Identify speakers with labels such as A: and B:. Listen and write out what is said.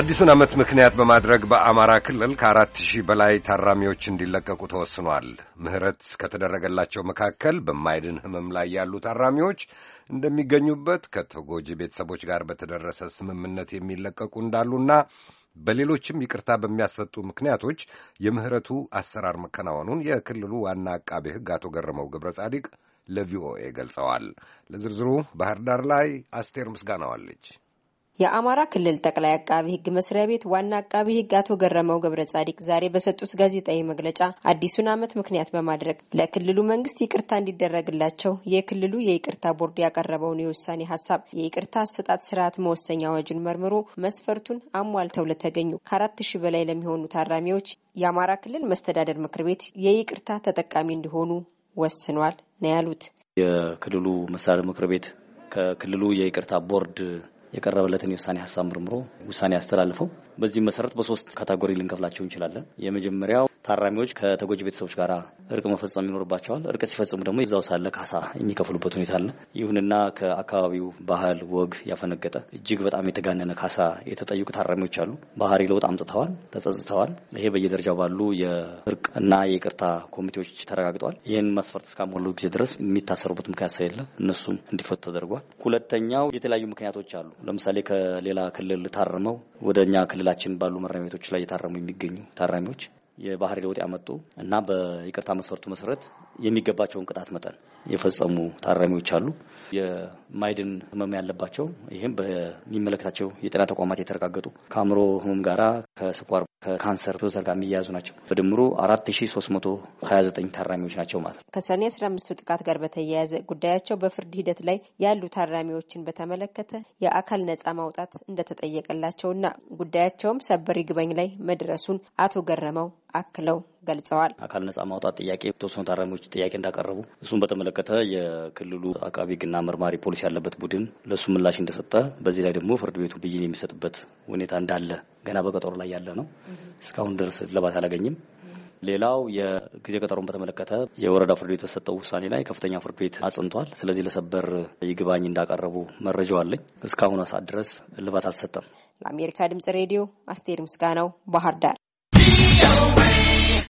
A: አዲሱን ዓመት ምክንያት በማድረግ በአማራ ክልል ከአራት ሺህ በላይ ታራሚዎች እንዲለቀቁ ተወስኗል። ምህረት ከተደረገላቸው መካከል በማይድን ህመም ላይ ያሉ ታራሚዎች እንደሚገኙበት፣ ከተጎጂ ቤተሰቦች ጋር በተደረሰ ስምምነት የሚለቀቁ እንዳሉና በሌሎችም ይቅርታ በሚያሰጡ ምክንያቶች የምህረቱ አሰራር መከናወኑን የክልሉ ዋና አቃቤ ሕግ አቶ ገረመው ገብረ ጻዲቅ ለቪኦኤ ገልጸዋል። ለዝርዝሩ ባህር ዳር ላይ አስቴር ምስጋናዋለች።
B: የአማራ ክልል ጠቅላይ አቃቢ ሕግ መስሪያ ቤት ዋና አቃቢ ሕግ አቶ ገረመው ገብረ ጻዲቅ ዛሬ በሰጡት ጋዜጣዊ መግለጫ አዲሱን ዓመት ምክንያት በማድረግ ለክልሉ መንግስት ይቅርታ እንዲደረግላቸው የክልሉ የይቅርታ ቦርድ ያቀረበውን የውሳኔ ሀሳብ የይቅርታ አሰጣጥ ስርዓት መወሰኛ አዋጁን መርምሮ መስፈርቱን አሟልተው ለተገኙ ከአራት ሺህ በላይ ለሚሆኑ ታራሚዎች የአማራ ክልል መስተዳደር ምክር ቤት የይቅርታ ተጠቃሚ እንዲሆኑ
C: ወስኗል ነው ያሉት። የክልሉ መስተዳደር ምክር ቤት ከክልሉ የይቅርታ ቦርድ የቀረበለትን የውሳኔ ሀሳብ ምርምሮ ውሳኔ ያስተላልፈው። በዚህም መሰረት በሶስት ካታጎሪ ልንከፍላቸው እንችላለን። የመጀመሪያው ታራሚዎች ከተጎጂ ቤተሰቦች ጋር እርቅ መፈጸም ይኖርባቸዋል። እርቅ ሲፈጽሙ ደግሞ እዛው ሳለ ካሳ የሚከፍሉበት ሁኔታ አለ። ይሁንና ከአካባቢው ባህል ወግ ያፈነገጠ እጅግ በጣም የተጋነነ ካሳ የተጠየቁ ታራሚዎች አሉ። ባህሪ ለውጥ አምጥተዋል፣ ተጸጽተዋል። ይሄ በየደረጃው ባሉ የእርቅ እና የይቅርታ ኮሚቴዎች ተረጋግጧል። ይህን መስፈርት እስካሞሉ ጊዜ ድረስ የሚታሰሩበት ምክንያት ስለሌለ እነሱም እንዲፈቱ ተደርጓል። ሁለተኛው የተለያዩ ምክንያቶች አሉ። ለምሳሌ ከሌላ ክልል ታርመው ወደ እኛ ክልላችን ባሉ ማረሚያ ቤቶች ላይ የታረሙ የሚገኙ ታራሚዎች የባህሪ ለውጥ ያመጡ እና በይቅርታ መስፈርቱ መሰረት የሚገባቸውን ቅጣት መጠን የፈጸሙ ታራሚዎች አሉ። የማይድን ህመም ያለባቸው ይህም በሚመለከታቸው የጤና ተቋማት የተረጋገጡ ከአእምሮ ህመም ጋራ ከስኳር ከካንሰር ፕሮሰር ጋር የሚያያዙ ናቸው። በድምሩ አራት ሺ ሶስት መቶ ሀያ ዘጠኝ ታራሚዎች ናቸው ማለት ነው።
B: ከሰኔ አስራ አምስቱ ጥቃት ጋር በተያያዘ ጉዳያቸው በፍርድ ሂደት ላይ ያሉ ታራሚዎችን በተመለከተ የአካል ነጻ ማውጣት እንደተጠየቀላቸውና ጉዳያቸውም ሰበር ይግባኝ ላይ መድረሱን አቶ ገረመው አክለው ገልጸዋል።
C: አካል ነጻ ማውጣት ጥያቄ የተወሰኑ ታራሚዎች ጥያቄ እንዳቀረቡ እሱን በተመለከተ የክልሉ አቃቢ ሕግና መርማሪ ፖሊስ ያለበት ቡድን ለእሱ ምላሽ እንደሰጠ በዚህ ላይ ደግሞ ፍርድ ቤቱ ብይን የሚሰጥበት ሁኔታ እንዳለ ገና በቀጠሮ ላይ ያለ ነው። እስካሁን ድረስ እልባት አላገኝም። ሌላው የጊዜ ቀጠሮን በተመለከተ የወረዳ ፍርድ ቤት በሰጠው ውሳኔ ላይ ከፍተኛ ፍርድ ቤት አጽንቷል። ስለዚህ ለሰበር ይግባኝ እንዳቀረቡ መረጃው አለኝ። እስካሁን ሰዓት ድረስ እልባት አልተሰጠም።
B: ለአሜሪካ ድምጽ ሬዲዮ አስቴር ምስጋናው ባህር ዳር